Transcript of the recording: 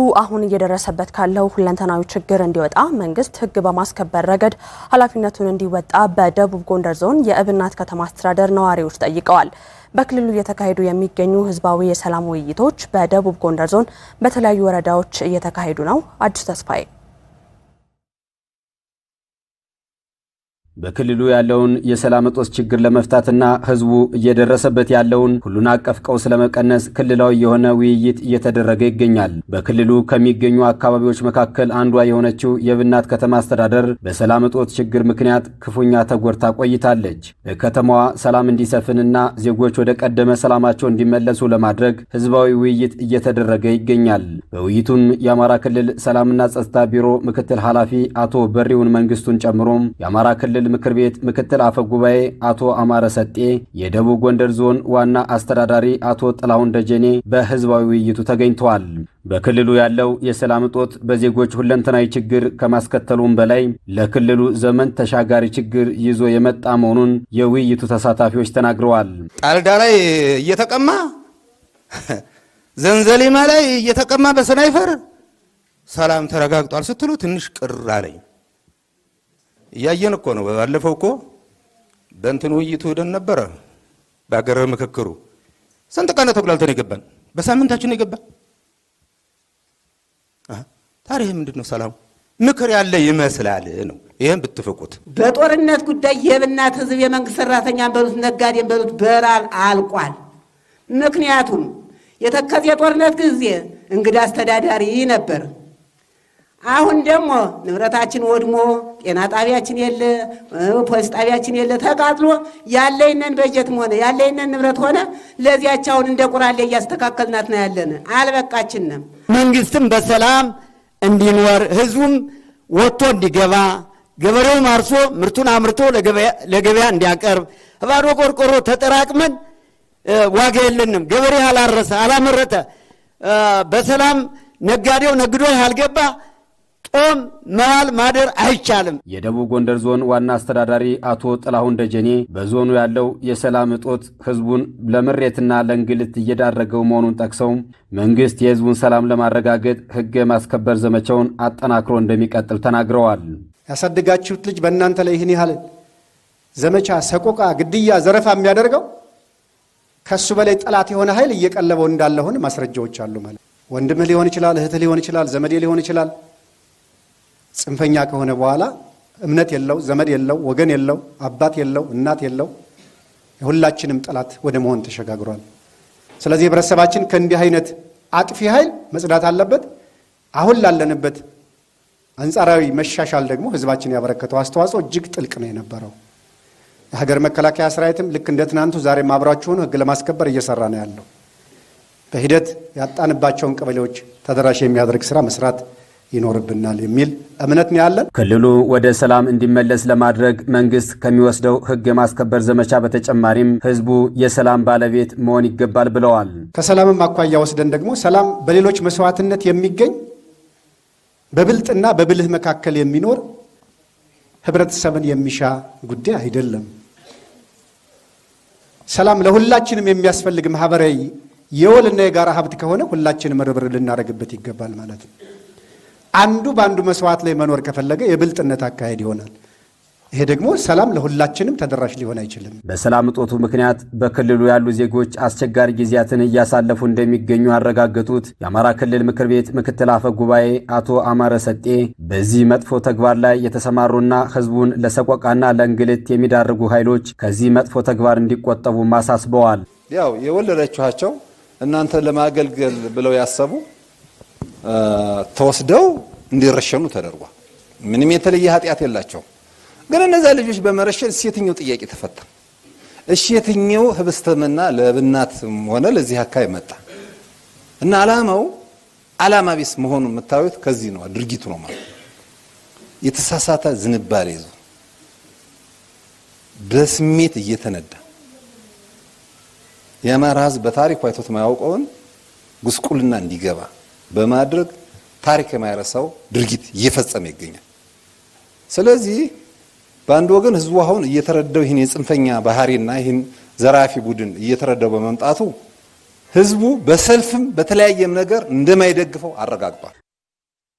ህዝቡ አሁን እየደረሰበት ካለው ሁለንተናዊ ችግር እንዲወጣ መንግስት ህግ በማስከበር ረገድ ኃላፊነቱን እንዲወጣ በደቡብ ጎንደር ዞን የእብናት ከተማ አስተዳደር ነዋሪዎች ጠይቀዋል። በክልሉ እየተካሄዱ የሚገኙ ህዝባዊ የሰላም ውይይቶች በደቡብ ጎንደር ዞን በተለያዩ ወረዳዎች እየተካሄዱ ነው። አዲሱ ተስፋዬ በክልሉ ያለውን የሰላም እጦት ችግር ለመፍታትና ህዝቡ እየደረሰበት ያለውን ሁሉን አቀፍ ቀውስ ለመቀነስ ክልላዊ የሆነ ውይይት እየተደረገ ይገኛል። በክልሉ ከሚገኙ አካባቢዎች መካከል አንዷ የሆነችው የብናት ከተማ አስተዳደር በሰላም እጦት ችግር ምክንያት ክፉኛ ተጎድታ ቆይታለች። በከተማዋ ሰላም እንዲሰፍንና ዜጎች ወደ ቀደመ ሰላማቸው እንዲመለሱ ለማድረግ ህዝባዊ ውይይት እየተደረገ ይገኛል። በውይይቱም የአማራ ክልል ሰላምና ጸጥታ ቢሮ ምክትል ኃላፊ አቶ በሪውን መንግስቱን ጨምሮም የአማራ ክልል ምክር ቤት ምክትል አፈ ጉባኤ አቶ አማረ ሰጤ፣ የደቡብ ጎንደር ዞን ዋና አስተዳዳሪ አቶ ጥላሁን ደጀኔ በህዝባዊ ውይይቱ ተገኝተዋል። በክልሉ ያለው የሰላም እጦት በዜጎች ሁለንተናዊ ችግር ከማስከተሉም በላይ ለክልሉ ዘመን ተሻጋሪ ችግር ይዞ የመጣ መሆኑን የውይይቱ ተሳታፊዎች ተናግረዋል። ጣልዳ ላይ እየተቀማ ዘንዘሊማ ላይ እየተቀማ በሰናይፈር ሰላም ተረጋግጧል ስትሉ ትንሽ ቅር አለኝ። እያየን እኮ ነው። ባለፈው እኮ በእንትን ውይይቱ ሄደን ነበረ። በሀገረ ምክክሩ ስንት ቀን ተጉላልተን የገባን? በሳምንታችን የገባን ታሪህ ምንድን ነው? ሰላሙ ምክር ያለ ይመስላል ነው። ይህም ብትፍቁት በጦርነት ጉዳይ የብና ህዝብ የመንግስት ሰራተኛን በሉት ነጋዴን በሉት በራል አልቋል። ምክንያቱም የተከዜ የጦርነት ጊዜ እንግዳ አስተዳዳሪ ነበር። አሁን ደግሞ ንብረታችን ወድሞ ጤና ጣቢያችን የለ፣ ፖሊስ ጣቢያችን የለ፣ ተቃጥሎ ያለይነን በጀትም ሆነ ያለይነን ንብረት ሆነ ለዚያች አሁን እንደ ቁራሌ እያስተካከልናት ነው ያለን። አልበቃችንም። መንግስትም በሰላም እንዲኖር ህዝቡም ወጥቶ እንዲገባ ገበሬውም አርሶ ምርቱን አምርቶ ለገበያ እንዲያቀርብ ባዶ ቆርቆሮ ተጠራቅመን ዋጋ የለንም። ገበሬ አላረሰ አላመረተ በሰላም ነጋዴው ነግዶ አልገባ ጦም መዋል ማደር አይቻልም። የደቡብ ጎንደር ዞን ዋና አስተዳዳሪ አቶ ጥላሁን ደጀኔ በዞኑ ያለው የሰላም እጦት ህዝቡን ለምሬትና ለእንግልት እየዳረገው መሆኑን ጠቅሰው መንግስት የሕዝቡን ሰላም ለማረጋገጥ ሕግ የማስከበር ዘመቻውን አጠናክሮ እንደሚቀጥል ተናግረዋል። ያሳደጋችሁት ልጅ በእናንተ ላይ ይህን ያህል ዘመቻ፣ ሰቆቃ፣ ግድያ፣ ዘረፋ የሚያደርገው ከሱ በላይ ጠላት የሆነ ኃይል እየቀለበው እንዳለሆን ማስረጃዎች አሉ። ማለት ወንድምህ ሊሆን ይችላል፣ እህትህ ሊሆን ይችላል፣ ዘመዴ ሊሆን ይችላል ጽንፈኛ ከሆነ በኋላ እምነት የለው፣ ዘመድ የለው፣ ወገን የለው፣ አባት የለው፣ እናት የለው፣ የሁላችንም ጠላት ወደ መሆን ተሸጋግሯል። ስለዚህ ህብረተሰባችን ከእንዲህ አይነት አጥፊ ኃይል መጽዳት አለበት። አሁን ላለንበት አንጻራዊ መሻሻል ደግሞ ህዝባችን ያበረከተው አስተዋጽኦ እጅግ ጥልቅ ነው የነበረው። የሀገር መከላከያ ሰራዊትም ልክ እንደ ትናንቱ ዛሬም ማብራችሁን ህግ ለማስከበር እየሰራ ነው ያለው። በሂደት ያጣንባቸውን ቀበሌዎች ተደራሽ የሚያደርግ ስራ መስራት ይኖርብናል የሚል እምነት ነው ያለን። ክልሉ ወደ ሰላም እንዲመለስ ለማድረግ መንግስት ከሚወስደው ህግ የማስከበር ዘመቻ በተጨማሪም ህዝቡ የሰላም ባለቤት መሆን ይገባል ብለዋል። ከሰላምም አኳያ ወስደን ደግሞ ሰላም በሌሎች መስዋዕትነት የሚገኝ በብልጥና በብልህ መካከል የሚኖር ህብረተሰብን የሚሻ ጉዳይ አይደለም። ሰላም ለሁላችንም የሚያስፈልግ ማህበራዊ የወልና የጋራ ሀብት ከሆነ ሁላችንም ርብር ልናደርግበት ይገባል ማለት ነው። አንዱ በአንዱ መስዋዕት ላይ መኖር ከፈለገ የብልጥነት አካሄድ ይሆናል። ይሄ ደግሞ ሰላም ለሁላችንም ተደራሽ ሊሆን አይችልም። በሰላም እጦቱ ምክንያት በክልሉ ያሉ ዜጎች አስቸጋሪ ጊዜያትን እያሳለፉ እንደሚገኙ ያረጋገጡት የአማራ ክልል ምክር ቤት ምክትል አፈ ጉባኤ አቶ አማረ ሰጤ በዚህ መጥፎ ተግባር ላይ የተሰማሩና ሕዝቡን ለሰቆቃና ለእንግልት የሚዳርጉ ኃይሎች ከዚህ መጥፎ ተግባር እንዲቆጠቡ ማሳስበዋል። ያው የወለደችኋቸው እናንተ ለማገልገል ብለው ያሰቡ ተወስደው እንዲረሸኑ ተደርጓል። ምንም የተለየ ኃጢአት የላቸውም። ግን እነዛ ልጆች በመረሸን የትኛው ጥያቄ ተፈታ? እሺ የትኛው ህብስተምና ለብናት ሆነ ለዚህ አካባቢ መጣ? እና አላማው አላማ ቢስ መሆኑን የምታዩት ከዚህ ነው። ድርጊቱ ነው ማለት የተሳሳተ ዝንባሌ ይዞ በስሜት እየተነዳ የአማራ ህዝብ በታሪኩ አይቶት ጉስቁልና እንዲገባ በማድረግ ታሪክ የማይረሳው ድርጊት እየፈጸመ ይገኛል። ስለዚህ በአንድ ወገን ህዝቡ አሁን እየተረዳው ይህን የጽንፈኛ ባህሪና ይህን ዘራፊ ቡድን እየተረዳው በመምጣቱ ህዝቡ በሰልፍም በተለያየም ነገር እንደማይደግፈው አረጋግጧል።